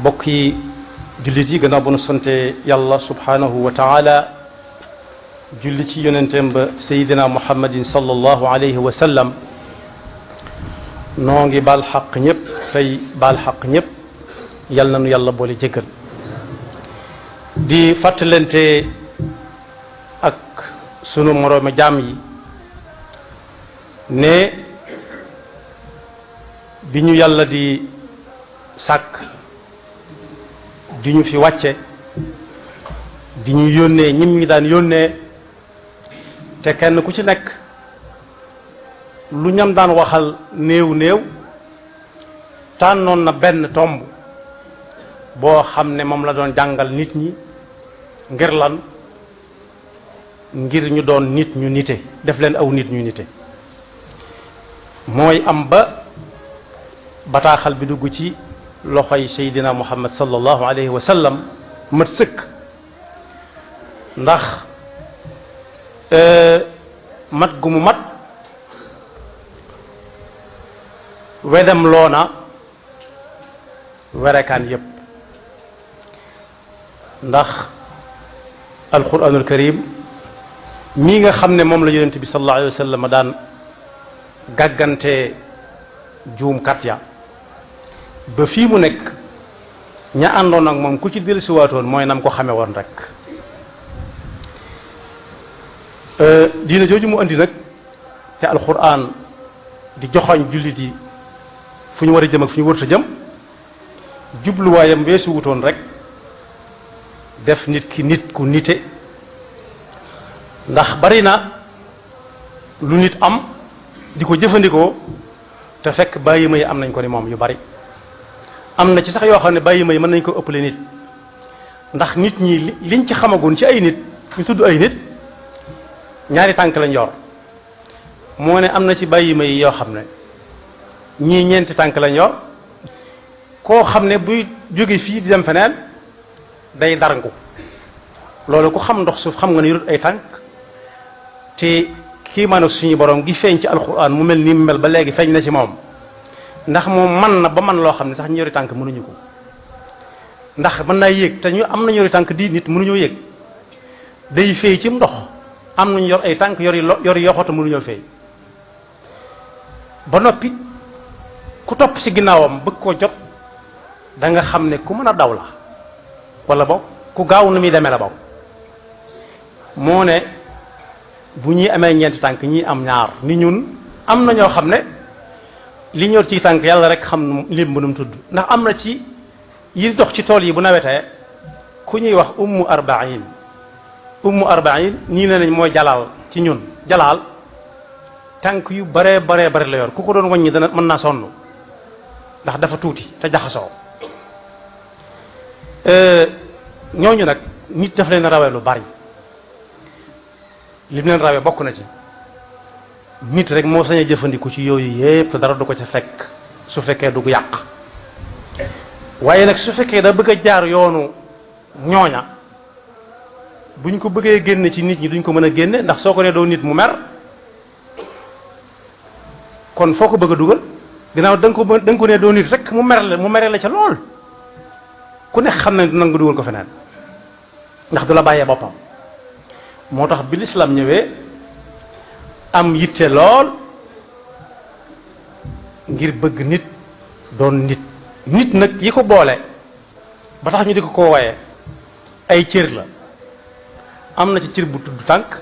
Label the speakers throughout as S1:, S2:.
S1: mbokk yi jullit yi gannaaw ba nu sante yàlla subhanahu wa taala julli ci yonenteem ba sayidina muhammadin sallallahu alayhi wa sallam noo ngi baal xaq ñëpp yal na nu yàlla boole jéggal di fàttalante ak sunu moroomi jaam yi ne bi ñu yàlla di sàkk di ñu fi wàcce di ñu yónnee ñim ñi daan yónnee te kenn ku ci nekk lu ñam daan waxal néew néew tànnoon na benn tomb boo xam ne moom la doon jàngal nit ñi ngir lan ngir ñu doon nit ñu nite def leen aw nit ñu nite mooy am ba bataaxal bi dugg ci loxo yi seydina muhammad sallallahu alayhi wa sallam mat sëkk ndax euh, mat gu mu mat wedem loona werekaan yépp ndax alquranul karim mii nga xam ne moom la yonent bi sallallahu alayhi wa daan gàggante juum kat ba fii mu nekk ña àndoon ak moom ku ci dellusiwaatoon mooy nam ko xame woon rek euh, diina jooju mu indi nag te alxuraan di joxoñ jullit yi fu ñu war a jëm ak fu ñu warut a jëm jubluwaayam weesu wutoon rek def nit ki nit ku nite ndax bari na lu nit am di ko jëfandikoo te fekk bàyyi may am nañ ko ni moom yu bari am na ci sax yoo xam ne bàyyi may mën nañ ko ëppale nit ndax nit ñii liñ ci xamagun ci ay nit ñu tudd ay nit ñaari tànk la yor moo ne am na ci bàyyi may yoo xam ne ñii ñeenti tànk la yor koo xam ne buy jóge fii di dem feneen day darangu loolu ku xam ndox suuf xam nga ne yorut ay tànk te kii maanaam suñu borom gi feeñ ci alxuraan mu mel ni mu mel ba léegi feeñ na ci moom ndax moom man na ba man loo xam ne sax ñu yori tànk mënuñu ko ndax mën naa yéeg te ñu am na ñu yori tànk dii nit mënuñoo yéeg day fay ci ndox am nañu yor ay tànk yori lo yori yoxoto mënuñoo fay ba noppi ku topp ci ginnaawam bëgg koo jot danga xam ne ku mën a daw la wala boog ku gaaw na muy deme la boog moo ne bu ñuy amee ñeenti tànk ñii am ñaar ni ñun am na ñoo xam ne li ñor ci tànk yàlla rek xam lim bu nu mu tudd ndax am na ci yi dox ci tool yi bu nawetee ku ñuy wax ummu arbain ummu arbain ñii ne nañ mooy jalaal ci ñun jalaal tànk yu baree baree bare la yoon ku ko doon wàññi dana mën naa sonn ndax dafa tuuti te jaxasoo ñooñu nag nit daf leen rawe lu bari lim leen rawe bokk na ci nit rek moo sañ a jëfandiku ci yooyu yépp dara du ko ca fekk su fekkee dugg yàq waaye nag su fekkee da bëgg a jaar yoonu ñooña buñ ko bëggee génne ci nit ñi duñ ko mën a génne ndax soo ko nee doo nit mu mer kon foo ko bëgg a dugal ginnaaw da ko da nga ko nee doo nit rek mu mer la mu meree la ca lool ku nekk xam ne nangu dugal ko feneen ndax du la bàyyee boppam moo tax bi lislaam ñëwee. am yitte lool ngir bëgg nit doon nit nit nag yi ko boole ba tax ñu di ko ko woye ay cër la am na ci cër bu tudd tànk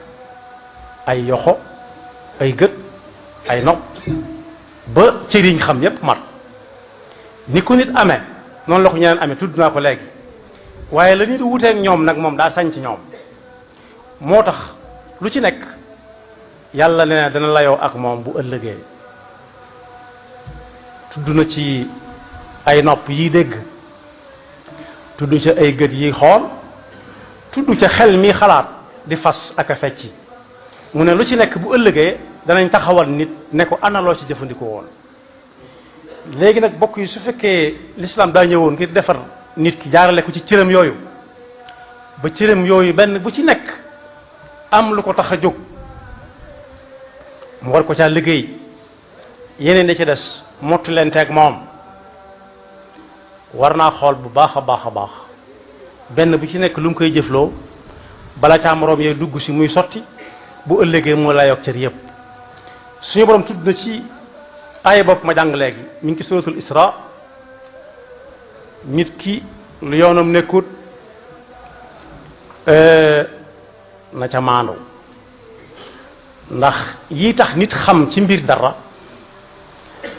S1: ay yoxo ay gët ay nopp ba cër yi xam yépp mat ni ku nit ame noonu la ko ñeneen amee tudd naa ko léegi waaye la nit wuuteeg ñoom nag moom daa sañ ci ñoom moo tax lu ci nekk yàlla ne dana layoo ak moom bu ëllëgee tudd na ci ay nopp yiy dégg tudd ca ay gët yiy xool tudd ca xel mi xalaat di fas ak a fecci mu ne lu ci nekk bu ëllëgee danañ taxawal nit ne ko ana ci jëfandikoo woon léegi nag bokk yi su fekkee lislaam daa ñëwoon ngir defar nit ki jaarale ko ci cëram yooyu ba cëram yooyu benn bu ci nekk am lu ko tax a jóg mu war ko caa liggéey yeneen da ci des mottulante ak moom war naa xool bu baax a baax a baax benn bi ci nekk lu mu koy jëfloo bala caa moroom yee dugg si muy sotti bu ëllëgee moo lay yokk cër yëpp suñu borom tudd na ci ay bopp ma jàng léegi mi ngi ci suratul isra nit ki lu yoonam nekkut euh, na ca maandu ndax yi tax nit xam ci mbir dara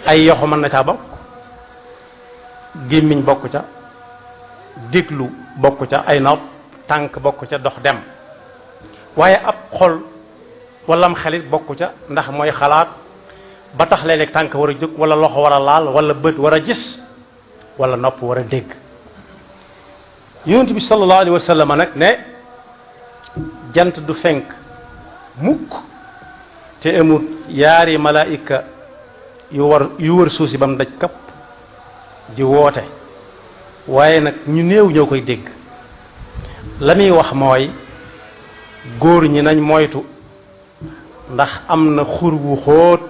S1: ay yoxo mën na caa bokk gémmiñ bokk ca déglu bokk ca ay nopp tànk bokk ca dox dem waaye ab xol walam xelit bokk ca ndax mooy xalaat ba tax léeg-léeg tànk war a jóg wala loxo war a laal walla bët war a gis walla nopp war a dégg yonent bi sallallahu alayhi wa nag ne jant du fenk mukk te amul yaari malaayika yu war yu wër suuf ba mu daj kapp di woote waaye nag ñu néew ñoo koy dégg la muy wax mooy góor ñi nañ moytu ndax am na xur wu xóot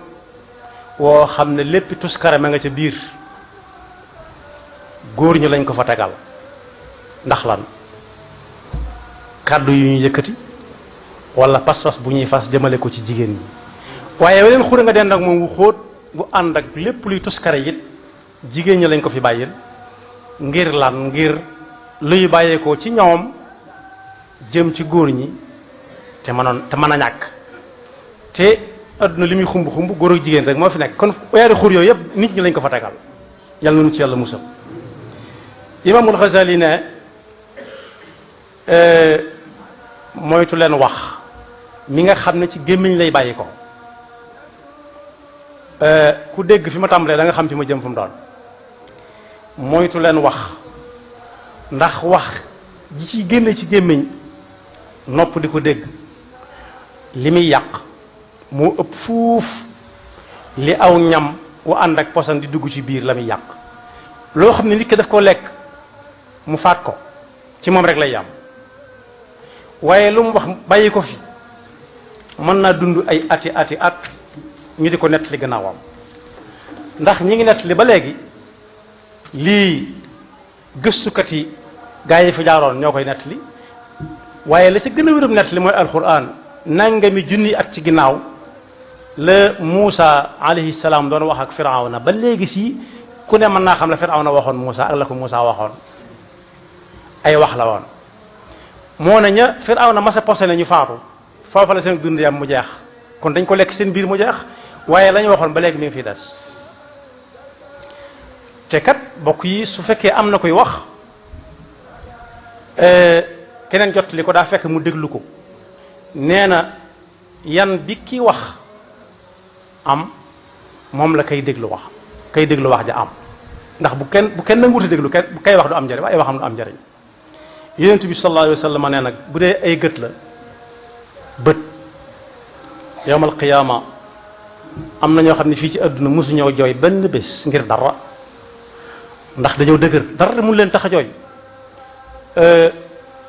S1: woo xam ne lépp tuskara ma nga ca biir góor ñi lañ ko fa tegal ndax lan kàddu yu ñu yëkkati wala pas-pas bu ñuy fas jëmale ko ci jigéen ñi waaye weneen xure nga dend ak moom wu xóot gu ànd ak lépp luy tuskare it jigéen ñi lañ ko fi bàyyil ngir lan ngir luy bàyyeekoo ci ñoom jëm ci góor ñi te mënoon te mën a ñàkk te adduna li muy xumb xumb góor ak jigéen rek moo fi nekk kon weeri xur yooyu yëpp nit ñi lañ ko fa tegal yàlla nañu ci yàlla musal imaamul Xasaali ne eh, moytu leen wax mi nga xam ne ci gémmiñ lay bàyyi ko euh, ku dégg fi ma tàmbalee da nga xam fi ma jëm fu mu doon moytu leen wax ndax wax ji ci génne ci gémmiñ nopp di ko dégg li muy yàq moo ëpp fuuf li aw ñam wu ànd ak posan di dugg ci biir la muy yàq loo xam ne nit ko def ko lekk mu faat ko ci moom rek lay yam waaye lu mu wax bàyyi ko fi mën naa dund ay ati ati at ñu di ko nettali gannaawam ndax ñi ngi nettli ba léegi lii gëstukat yi gaa yi fi jaaroon ñoo koy nettali waaye la ci gën a wérum nettali mooy alquran nangami junni at ci ginnaaw la Muusa alayhi salaam doon wax ak na ba léegi si ku ne mën naa xam la na waxoon Muusa ak la ko Muusa waxoon ay wax la woon moo ne ña Firawna masa posé ne ñu faatu foofa la seen dund mu jaax kon dañ ko lekk seen biir mu jaax waaye la waxoon ba léegi mi ngi fiy des te kat bokk yi su fekkee am na koy wax euh, keneen jot li ko daa fekk mu déglu ko nee na yan bi ki wax am moom la kay déglu wax kay déglu wax ja am ndax bu kenn bu kenn nanguuti déglu kay wax du am njëriñ waaye waxam du am njariñ yonent bi sallallahu alayhi wa sallam nee nag bu dee ay gët la bët yowmal qiyaama am na ñoo xam ne fii ci àdduna mosu mosuñoo jooy benn bés ngir dara ndax dañoo dëgër dara mun leen tax a jooy euh,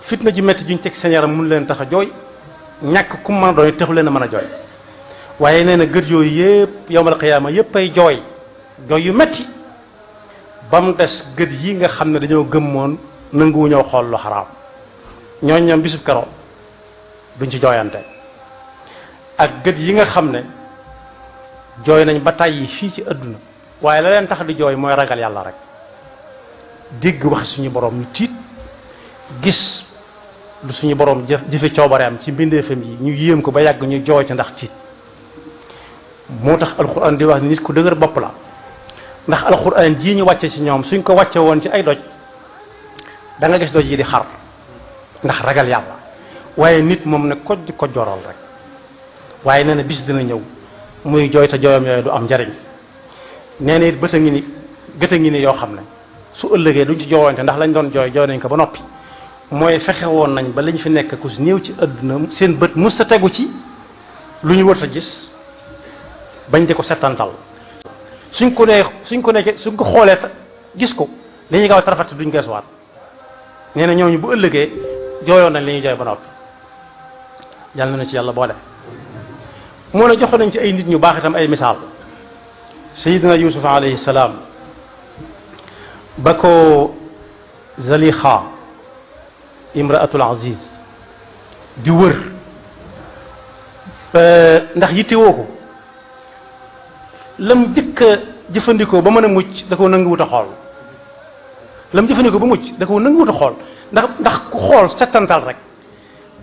S1: fitna ji métti juñ teg seen yaram mun leen tax a jooy ñàkk ku mën a doon taxu leen a mën a jooy waaye nee na gët yooyu yëpp yowmal qiyaama yëpp ay jooy jooy yu metti ba mu des gët yi nga xam ne dañoo gëmmoon nanguwu ñoo xool lu xaraam ñooñ ñoom bisub keroog duñ ci jooyante ak gët yi nga xam ne jooy nañ ba tàyyi fii ci àdduna waaye la leen tax di jooy mooy ragal yàlla rek dégg wax suñu boroom ñu tiit gis lu suñu borom jëfe coobareem ci mbindeefam yi ñu yéem ko ba yàgg ñu jooy ci ndax tiit moo tax alxuraan di wax nit ku dëgër bopp la ndax alxuraan jii ñu wàcce ci ñoom suñ ko wàcce woon ci ay doj danga gis doj yi di xar ndax ragal yàlla waaye nit moom ne ko di ko jorool rek waaye nee na bis dina ñëw muy jooy te jooyam yooyu du am njariñ nee na it bët a ngi ni gët a ngi ni yoo xam ne su ëllëgee duñ ci ndax lañ doon jooy jooy nañ ko ba noppi mooy fexe woon nañ ba lañ fi nekk ku néew ci àdduna seen bët mës tegu ci lu ñu wër a gis bañ di ko settantal suñ ko nee suñ ko nekkee suñ ko xoolee gis ko li ñuy gaaw a tarafat duñ nee na ñooñu bu ëllëgee jooyoon nañ li ñuy jooy ba noppi yàlla na na ci yàlla boole moo ne joxoon nañ ci ay nit ñu baax itam ay misaal sayidina yusuf alayhi salaam ba ko zalixa imraatul aziz di wër ndax yittewoo ko lam jëkk jëfandikoo ba mën a mucc da koo nanguwut a xool lam jëfandikoo ba mucc da koo nanguwut xool ndax ndax ku xool settantal rek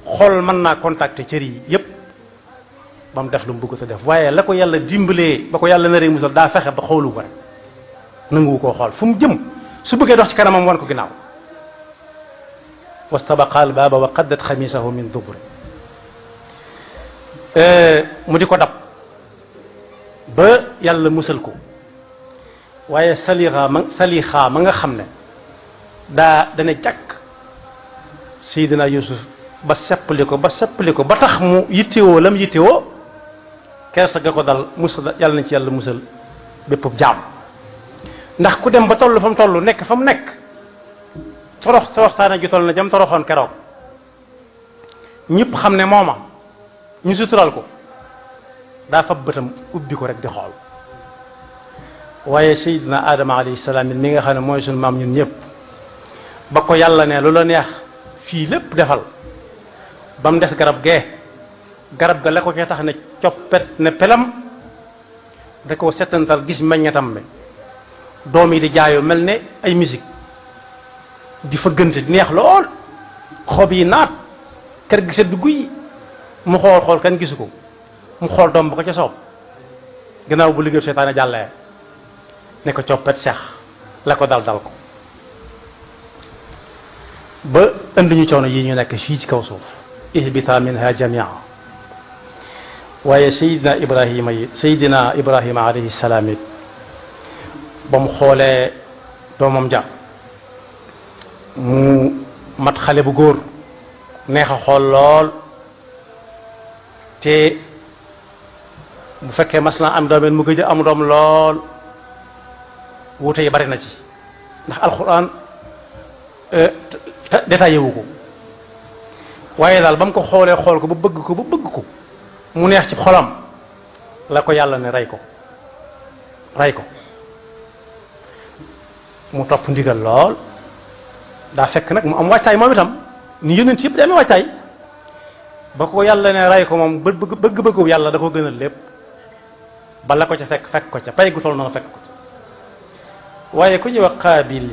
S1: xol man naa contacter cër yi yépp ba mu def lu mu bëgg sa def waaye la ko yàlla dimbalee ba ko yàlla naree musal daa fexe ba xoolu ko rek nanguwu koo xool fu mu jëm su bëggee dox ci kanamam wan ko ginnaaw wastabaqa albaaba wa qaddat xamisahu euh, di ko dab ba yàlla musal ko waaye salixa ma nga xam ne daa dana jàkk Seydina Yusuf ba seppali ko ba seppali ko ba tax mu yittewoo lam yittewoo kersa ga ko dal musal yàlla na ci yàlla musal bépp jàmm ndax ku dem ba toll fa mu toll nekk fa mu nekk torox toroxtaane ju toll na jam toroxoon keroog ñépp xam ne mooma ñu sutural ko daa fab bëtam ubbi ko rek di xool waaye sayidina aadama alayhi salaam mi nga xam ne mooy suñu maam ñun ñëpp ba ko yàlla ne lu la neex fii lépp defal ba mu des garab gee garab ga la ko ca tax ne coppet ne pelam da koo settantal gis meññatam mi doom yi di jaayoo mel ni ay musique di fëggante di neex lool xob yi naat kër gi sedd guy mu xool xool kenn gisu ko mu xool doom ba ko ca soob gannaaw bu liggéey seytaane jàllee ne ko coppet seex la ko dal dal ko ba indi ñu coono yi ñu nekk fii ci kaw suuf ihbita minha jamia waaye sayidina ibrahima yi sayidina ibrahima alayhi salaam it ba mu xoolee doomam ja mu mat xale bu góor neexa xool lool te bu fekkee mas naa am doomeen mu gëj am doom lool wuute yi bari na ci ndax alxuraan euh, détaillé wu ko waaye daal ba mu ko xoolee xool ko ba bëgg ko ba bëgg ko mu neex ci xolam la ko yàlla ne rey ko rey ko mu topp ndigal lool daa fekk nag mu am waajtaay moom itam ni yónent yëpp da amee waajtaay ba ko yàlla ne rey ko moom bëgg bëgg yàlla da ko gënal lépp bala ko ca fekk fekk ko ca pay gu toll noonu fekk ko waaye ko ñuy wax Qaabil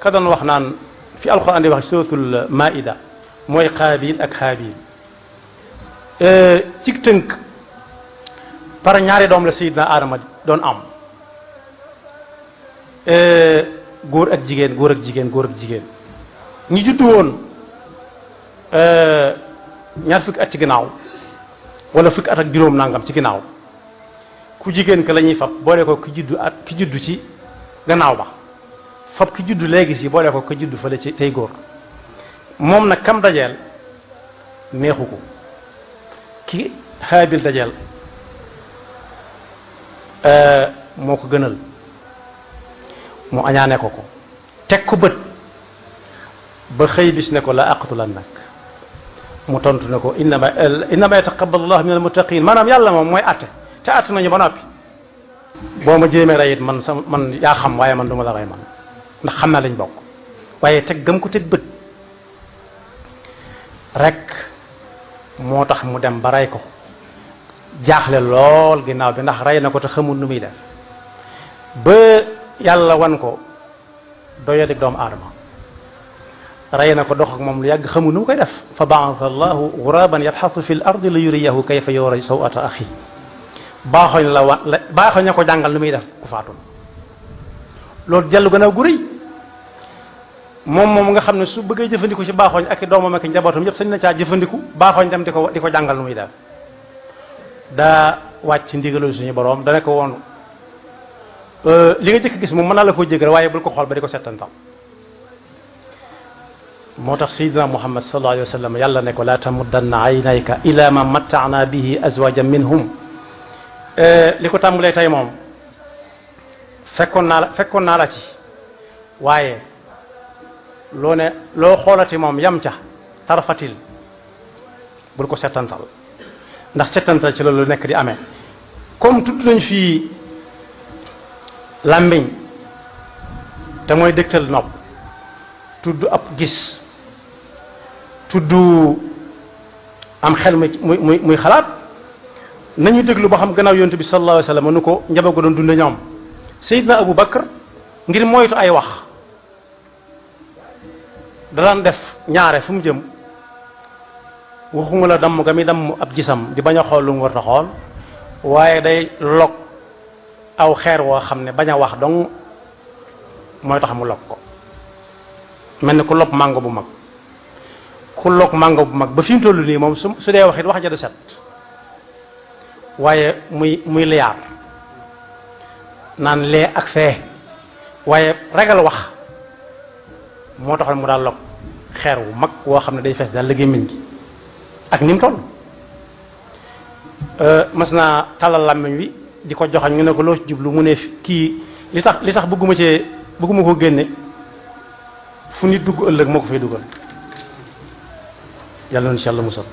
S1: ka doon wax naan fi alxuraan di wax suratul maida mooy xaabil ak xaabil euh, ci tënk par ñaari doom la sayidna aadama doon am euh, góor ak jigéen góor ak jigéen góor jigéen ñi juddu woon euh, ñaar fukki at ci ginnaaw wala fukki at ak juróom nangam ci ginnaaw ku jigéen ki lañuy ñuy fab boole ko ki juddu at ki juddu ci gannaaw ba fab ki juddu léegi si boole ko ki juddu fële ci tey góor moom na kam dajeel neexu ko ki xaabil dajeel euh, moo ko gënal mu añaane ko ko teg ko bët ba xëy bis ne ko la aqtulan nag mu tontu ne ko inna innama innama yataqabbalu llahu min almuttaqin maanaam yàlla moom mooy atte te atte nañu ba noppi boo ma jéemee rey it man sama man yaa xam waaye man du ma la rey man ndax xam naa lañ bokk waaye teg gëm ko teg bët rekk moo tax mu dem ba rey ko jaaxle lool ginnaaw bi ndax rey na ko te xamul nu muy def ba yàlla wan ko doyadik doomu aadama rey na ko dox ak moom lu yàgg xamul nu mu koy def fa baasa allahu guraban yabxasu fi l ardi li yuriyahu kayfa yora sawata axi baaxoñ la wan baaxoñ na ko jàngal nu muy def ku faatu loolu jëllu gën a gu moom moom nga xam ne su bëggee jëfandiku ci baaxooñ ak i doomam ak i njabootam yëpp sañ na caa jëfandiku baaxooñ dem di ko di ko jàngal nu muy daal daa wàcc ndigalul suñu borom dana ko woon e, li nga jëkk gis moom mën naa la koo jégal waaye bul ko xool ba di ko settantal moo tax sayidina muhammad sallallahu alayhi wa sallam yàlla ne ko laa tamuddanna aynayka ila ma mattaana bihi azwajan minhum e, li ko tàmbalee tey moom fekkoon naa la fekkoon naa la ci waaye loo ne loo xoolati moom yam ca tarfatil bul ko settantal ndax settantal ci loolu nekk di amee comme tudd nañ fii làmmiñ te mooy dëgtal nopp tudd ab gis tudd am xel muy muy muy xalaat nañu déglu ba xam gannaaw yonent bi sallallahu alayhi wa nu ko njaboot ko doon dund ñoom Seydina Abu Bakr ngir moytu ay wax da def ñaare fu mu jëm waxuma la damm ga mi dam ab gisam di bañ a xool lu mu war xool waaye day log aw xeer woo xam ne bañ a wax dong mooy tax mu log ko mel ni ku log màngo bu mag ku log màngo bu mag ba fi mu toll nii moom su su dee wax it wax ja du set waaye muy muy liyaar naan lee ak fee waaye ragal wax moo taxoon mu daal lok xeer wu mag woo xam ne day fees daal liggéey min gi ak nim mu toll euh, mas naa tàllal làmmiñ wi di ko joxañ ñu ne ko loo ci jublu mu ne kii li tax li tax bëgguma cee bëgguma ko génne fu nit dugg ëllëg moo ko fay dugal yàlla na ci yàlla musal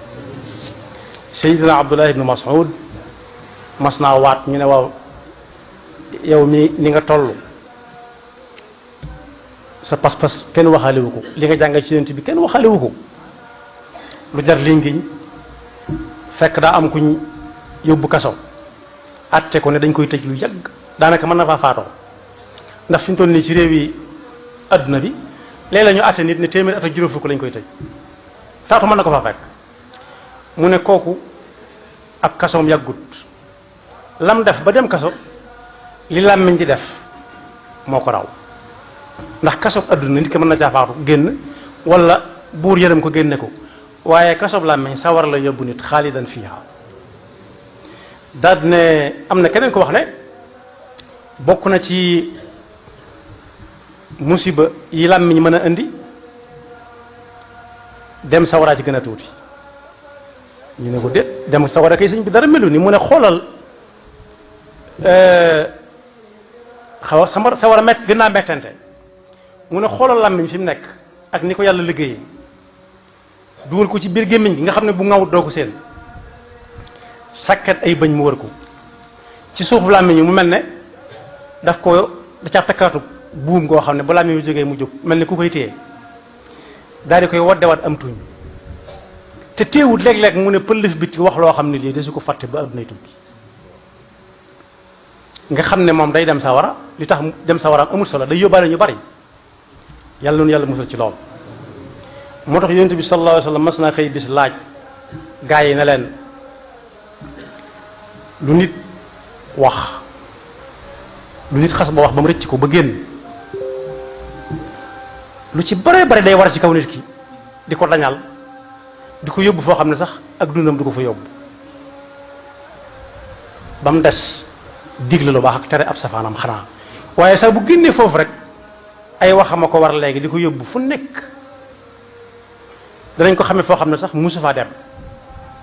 S1: Seydina Abdullah ibnu Mas'ud mas naa waat ñu ne waaw yow mi ni nga toll sa pas-pas kenn waxaalewu ko li nga jàngal ci yonent bi kenn waxaalewu ko lu jar lingiñ fekk daa am kuñ yóbbu kaso atte ko ne dañ koy tëj lu yàgg daanaka mën na faa faatoo ndax fi mu toll nii ci réew yi adduna bi léeg la ñu atte nit ne téeméer at ak juróom lañ koy tëj faatu mën na ko faa fekk mu ne kooku ab kasoom yàggut lam def ba dem kaso li làmmiñ di def moo ko raw ndax kasoog adduna nit ki mën na caa génn walla buur yërëm ko génne ko waaye kasoog làmmiñ sawar la yóbbu nit xaalidan fiha daad ne am na keneen ko wax ne bokk na ci musiba yi làmmiñ mën a indi dem sawaraa ci gën a tuuti ñu ne ko déet dem sawara kay sëñ bi dara melu ni mu ne xoolal euh, xaw sama sawara mett gën naa mettante mu ne xoolal làmmiñ fi mu nekk ak ni ko yàlla liggéeyee dugal ko ci biir gémmiñ gi nga xam ne bu ngawut doo ko seen sàkkat ay bëñ mu wër ko ci suufu làmmiñ yi mu mel ne daf ko da takkaatu buum goo xam ne ba làmmiñ bi jógee mu jóg mel ne ku koy téye daal di koy waddewaat am tuñ te téewut léeg-léeg mu ne pëllëf biti wax loo xam ne lii desu ko fàtte ba addunay tukki nga xam ne moom day dem sa wara li tax dem sa sawaraam amul solo day yóbbaale ñu bari yàlla noonu yàlla musal ci lool moo tax yonent bi sallallahu alayhi wa mas naa xëy bis laaj yi ne leen lu nit wax lu nit xas ba wax ba mu rëcc ko ba génn lu ci bare bare day war ci kaw nit ki di ko dañal di ko yóbbu foo xam ne sax ak dundam ko fa yóbbu ba des digle lu baax tere ab safaanam xanaa waaye sax bu génnee foofu rek ay waxam a ko war léegi di ko yóbbu fu nekk danañ ko xamee foo xam ne sax musu faa dem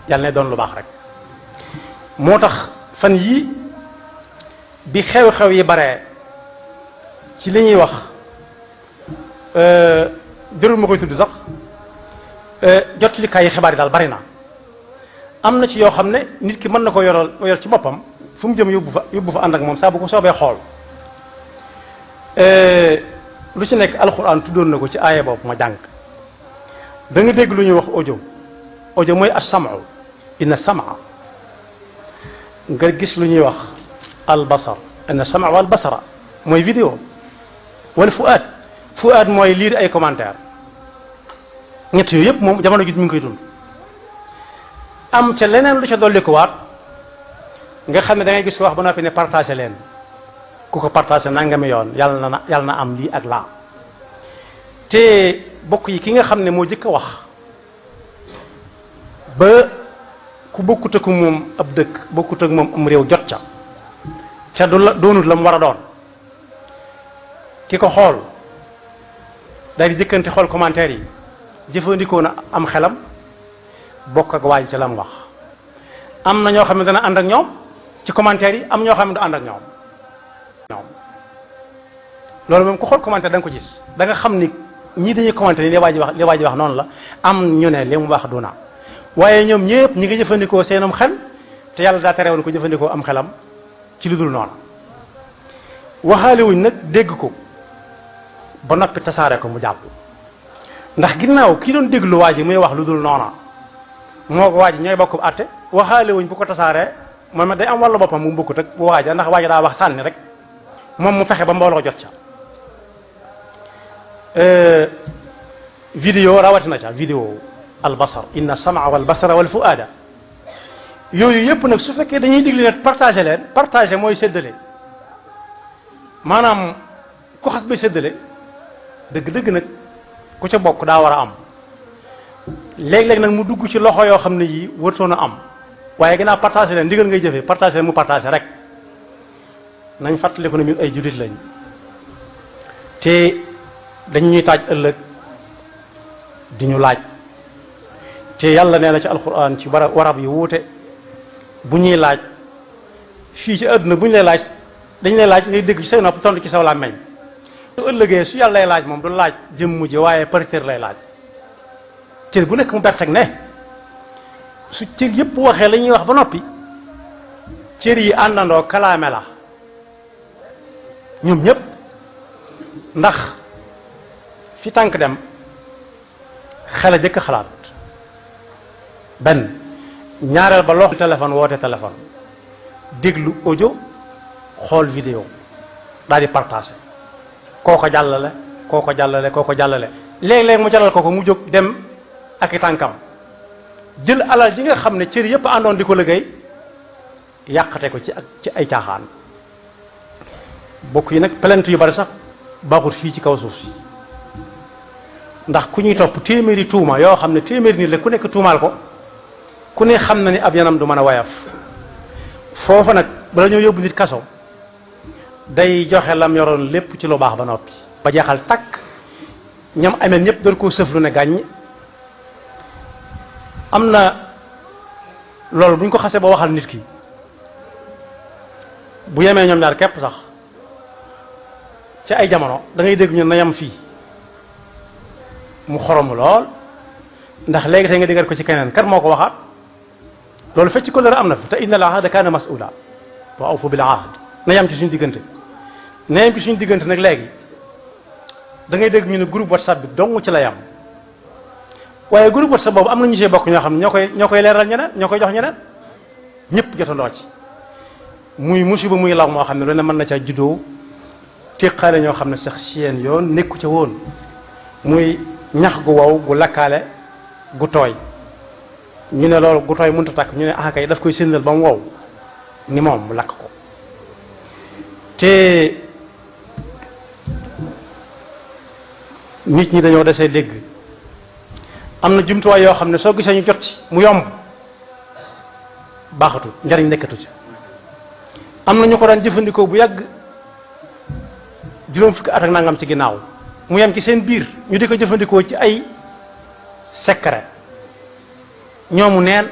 S1: yàlla ne doon lu baax rek moo tax fan yii bi xew-xew yi bare ci li ñuy wax euh, jërul ma koy tudd sax euh, jot li xibaar yi daal bari na am na ci yoo xam ne nit ki mën na ko yoral yor ci boppam fu mu jëm yóbbu fa yóbbu fa ànd ak moom saa bu ko soobee xool euh, lu ci nekk alxuraan tuddoon na ko ci aaya boobu ma jàng da nga dégg lu ñuy wax audio audio mooy as-sam'u inna sam'a nga gis lu ñuy wax albasar inna sam'a wal basara mooy vidéo wal fuaad fuaad mooy liir ay commentaire ñett yooyu yëpp moom jamono gi mi ngi koy dund am ca leneen lu ca dolli ko waat nga xam ne da ngay gis ko wax ba noppi ne partagé leen ku ko partagé nangami yoon yàlla na na yàlla na am lii ak laa te bokk yi ki nga xam ne moo jëkk a wax ba ku bokkut ak moom ab dëkk bokkut ak moom am réew jot ca ca du la doonut la mu war a doon ki ko xool daal di jëkkante xool commentaire yi jëfandikoo na am xelam bokk ak waaj ca la mu wax am na ñoo xam ne dana ànd ak ñoom ci commentaire yi am ñoo xam ne du ànd ak ñoom loolu moom ku xool commentaire da ko gis da nga xam ni ñii dañuy commentaire ni li waa ji wax li waa ji wax noonu la am ñu ne li mu wax du naa waaye ñoom ñëpp ñi ngi jëfandikoo seenam xel te yàlla daa tere woon ko jëfandikoo am xelam ci lu dul waxaale wuñ nag dégg ko ba noppi tasaare ko mu jàpp ndax ginnaaw ki doon déglu ji muy wax lu dul noona moo ko waa ji ñooy bokk àtte waxaale wuñ bu ko tasaaree moom day am wàllu boppam mu bokkut ak bu waa ndax waa ja daa rek moom mu fexe ba mbooloo jot ca Euh, vidéo rawatina ca vidéo albasar inna samaa wal basara wal ada yooyu yëpp nag su fekkee dañuy digli ne partagé leen partagé mooy séddale maanaam ku xas ba séddale dëgg-dëgg nag ku ca bokk daa war a am léeg-léeg nag mu dugg ci loxo yoo xam ne yii wërtoon a am waaye gannaaw partagé leen ndigal ngay jëfee partagé mu partagé rek nañ fàttaliku ne ñun ay jullit lañ te dañ ñuy taaj ëllëg di laaj te yàlla nee na ci alquran ci bara warab yu wuute bu ñuy laaj fii ci àdduna bu ñu lay laaj dañ lay laaj ngay dégg ci say nopp tontu ci saw làmmeñ su ëllëgee su yàllay laaj moom du laaj jëmm ji waaye par lay laaj cër bu nekk mu berteg ne su cër yëpp waxee la ñuy wax ba noppi cër yi àndandoo kalaame la ñoom ñëpp ndax fi tànk dem xel a jëkk xalaat benn ñaareel ba loxo téléphone woote téléphone déglu audio xool vidéo daal di partagé koo ko jàllale koo ko jàllale koo ko jàllale léeg-léeg mu jaral ko ko mu jóg dem ak i tànkam jël alal ji nga xam ne cër yëpp àndoon di ko liggéey yàqate ko ci ak ci ay caaxaan bokk yi nag plainte yu bari sax baaxul fii ci kaw suuf ndax ku ñuy topp téeméeri tuuma yoo xam ne téeméeri nit la ku nekk tuumaal ko ku ne xam na ni ab yanam du mën a wayaf foofa nag ba ñoo yóbbu nit kaso day joxe lam yoroon lépp ci lu baax ba noppi ba jeexal takk ñam ameen ñëpp doon ko sëflu ne gàññ am na loolu bu ñu ko xasee ba waxal nit ki bu yemee ñoom ñaar képp sax ci ay jamono da ngay dégg ñun na yem fii mu xorom mu lool ndax léegi tey nga déggal ko ci keneen kan moo ko waxaat loolu fecc ko dara am na fi te inna al ahda kaana mas'uula wa awfu bil ahd na yam ci suñu diggante na yam ci suñu diggante nag léegi dangay ngay dégg ñu ne groupe whatsapp bi dong ci la yam waaye groupe whatsapp boobu am na ñu see bokk ñoo xam ne ñoo koy ñoo koy leeral ñeneen ñoo koy jox ñeneen ñëpp jotandoo ci muy musiba muy law moo xam ne lu ne mën na caa juddoo teqaale ñoo xam ne sax seen yoon nekku ca woon ñax gu wow gu lakkaale gu tooy ñu ne loolu gu tooy mënut takk ñu ne ah yi daf koy sëndal ba mu wow ni moom mu lakk ko te nit ñi dañoo desee dégg am na jumtuwaay yoo xam ne soo gisee ñu jot ci mu yomb baaxatu njariñ nekkatu ci am na ñu ko daan jëfandikoo bu yàgg juróom fukki at ak am ci ginnaaw mu yem ci seen biir ñu di ko jëfandikoo ci ay secret ñoomu neen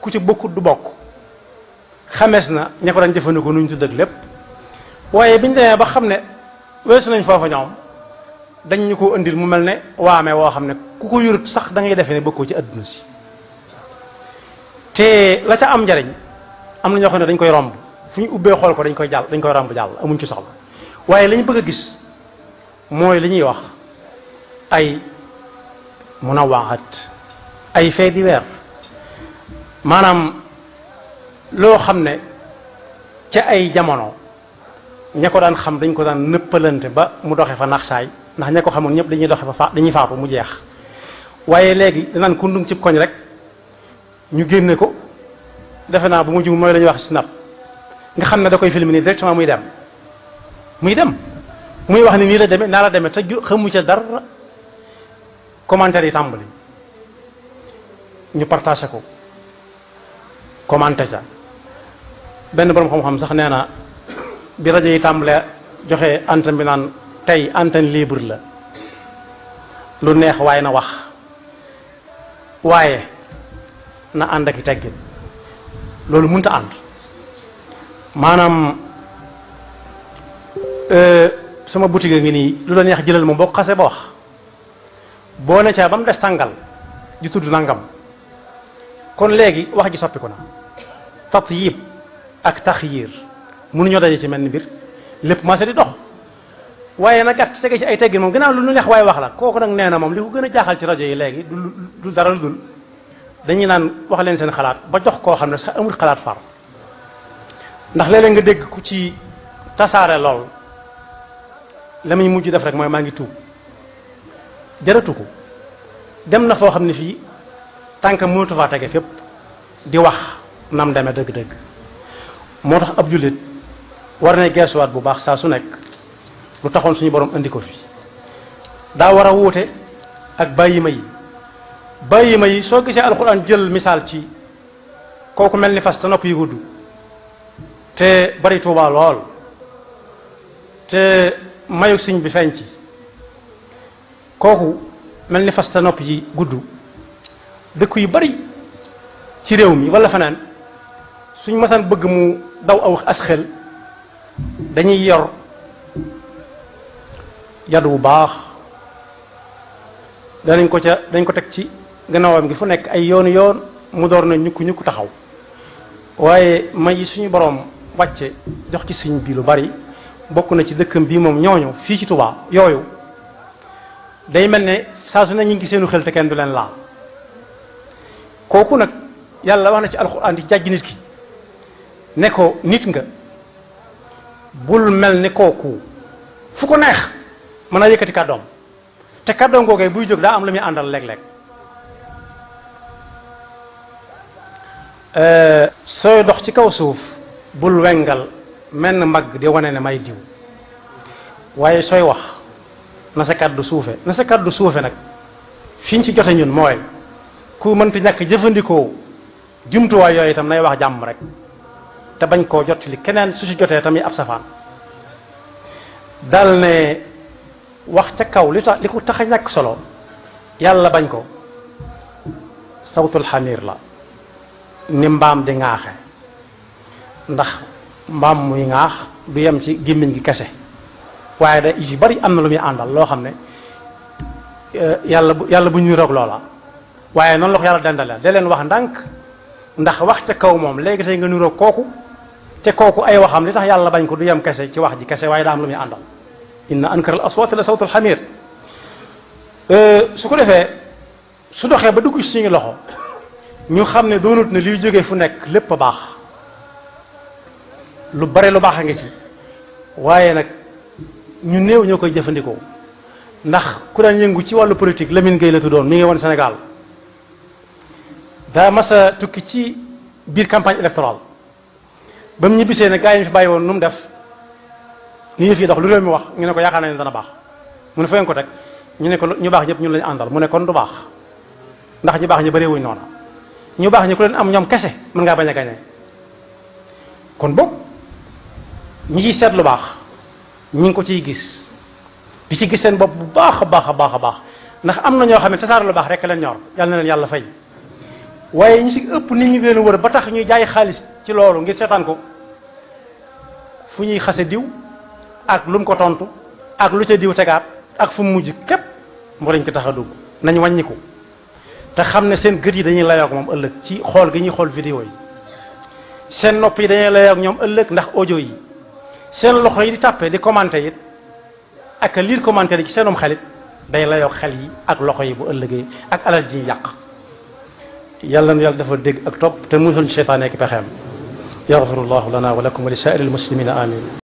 S1: ku ci bokkut du bokk xamees na ña ko daan jëfandikoo nu ñu tudd lépp waaye biñ demee ba xam ne weesu nañ foofa ñoom dañ ñu ko indil mu mel ne waame woo xam ne ku ko yurut sax da ngay defee ne bokkoo ci adduna si te la ca am njariñ am na ñoo xam ne dañ koy romb fu ñu ubbee xool ko dañ koy jàll dañ koy romb jàll amuñ ci soxla waaye lañ bëgg a gis mooy li ñuy wax ay a munawaat ay fait divers maanaam loo xam ne ca ay jamono ña ko daan xam dañ ko daan nëppalante ba mu doxee fa nax saay ndax ña ko xamoon ñëpp dañuy doxe fa fa dañuy faatu mu jeex waaye léegi danaan kundum ci koñ rek ñu génne ko defe naa bu mu jiw mooy lañuy wax snap nga xam ne da koy filmer nii directement muy dem muy dem muy wax ni nii la demee naa la demee te xamu ca dara commentaire yi tàmbali ñu partagé ko commenté ca benn borom xam-xam sax nee na bi rajo yi tàmbale joxe antenne bi naan tey antenne libre la lu neex waaye na wax waaye na ànd ak i teggin loolu mënut ànd maanaam. Euh, sama boutique a ngi nii lu la neex jëlal moom boo ko xasee ba wax boo ne caa ba mu des tàngal di tudd nangam kon léegi wax ji soppiku na tatyib ak yiir taxyir mënuñoo daje ci mel ni mbir lépp commencé di dox waaye nag ak tege ci ay teggin moom gannaaw lu nu neex waaye wax la kooku nag nee na moom li ko gën a jaaxal ci rajo yi léegi du du dara lu dul dañuy naan wax leen seen xalaat ba jox koo xam ne sa amul xalaat far ndax léeg nga dégg ku ci tasaare lool la mujj def rek mooy maa ngi tuub jaratu ko dem na foo xam ne fii tànk mënatu faa tege fépp di wax nam demee dëgg-dëgg moo tax ab jullit war na geesuwaat bu baax saa su nekk lu taxoon suñu boroom indi ko fi daa war a wuute ak bàyyi ma yi bàyyi ma yi soo gisee alxuraan jël misaal ci kooku mel ni fas te nopp yi gudd te bari tuuba lool te mayu sëñ bi feeñ ci kooku mel ni fasta nopp yi gudd dëkk yu bari ci réew mi wala fanaan suñ masaan bëgg mu daw aw as dañuy yor jadu bu baax danañ ko ca dañ ko teg ci gannaawam gi fu nekk ay yoonu yoon mu door na ñukku ñukku taxaw waaye may yi suñu boroom wàcce jox ci sëñ bi lu bari bokk na ci dëkkam bii moom ñooñu fii ci Touba yooyu day mel ni saa su ne ñu ngi seenu xel te kenn du leen laal kooku nag yàlla wax na ci alxuraan di jàjj nit ki ne ko nit nga bul mel ni kooku fu ko neex mën a yëkkati kàddoom te kàddoom googee buy jóg daa am lu muy àndal léeg-léeg euh, sooy dox ci kaw suuf bul wengal menn mbagg di wane ne may diw waaye sooy wax na sa kàddu suufe na sa kàddu suufe nag fi ci jote ñun mooy ku mënti ñàkk jëfandikoo jumtuwaay yooyu itam nay wax jàmm rek te bañ koo jot li keneen su ci jotee tamit ab safaan dal ne wax ca kaw li tax ko tax a ñàkk solo yàlla bañ ko sawtul xamir la ni mbaam di ŋaaxe ndax mbaam muy ŋaax du yem ci gémmiñ gi kese waaye da yu bari am na lu muy àndal loo xam ne eh, yàlla bu yàlla bu ñuy roog loola waaye noonu la ko yàlla dandaleel da leen wax ndànk ndax wax ca kaw moom léegi tey nga niroog kooku te kooku ay waxam li tax yàlla bañ ko du yem kese ci wax ji kese waaye daa am lu muy àndal inna ankara al aswaati la sawtul xamir eh, su ko defee su doxee ba dugg ci suñu loxo ñu xam ne doonut ne liy jógee fu nekk lépp a baax lu bare lu baax a ngi ci waaye nag ñu néew ñoo koy jëfandikoo ndax ku daan yëngu ci wàllu politique Lamine Gueye la doon mi ngi woon Sénégal daa mas tukki ci biir campagne électorale ba mu ñibbisee ne gaa yi fi bàyyi woon nu mu def ni yëf yi dox lu réew mi wax ñu ne ko yaakaar na dana baax mu ne fa ngeen ko teg ñu ne ko ñu baax ñëpp ñun lañu àndal mu ne kon du baax ndax ñu baax ñu bëree wuñ ñu baax ñu ku leen am ñoom kese mën ngaa bañ a gañe ñi ciy seet lu baax ñi ngi ko ciy gis di ci gis seen bopp bu baax a baax a baax a baax ndax am na ñoo xam ne tasaare lu baax rek leen ñor yal na leen yàlla fay waaye ñi si ëpp nit ñi leen wër ba tax ñuy jaay xaalis ci loolu ngir seetaan ko fu ñuy xase diw ak lu mu ko tontu ak lu ca diw tegaat ak fu mu mujj képp moo dañ ko tax a dugg nañ wàññiku te xam ne seen gët yi dañuy layoog moom ëllëg ci xool gi ñuy xool vidéo yi seen nopp yi dañuy layoog ñoom ëllëg ndax audio seen loxo yi di tàppe di commenté it ak liir commentaire yi ci seenum xalit it day layoo xel yi ak loxo yi bu ëllëgee ak alal ji yàq yàlla na yàlla dafa dégg ak top te musul ci seytaane ak pexeem yaxfirullahu lana wa lakum wa li saa'iril amin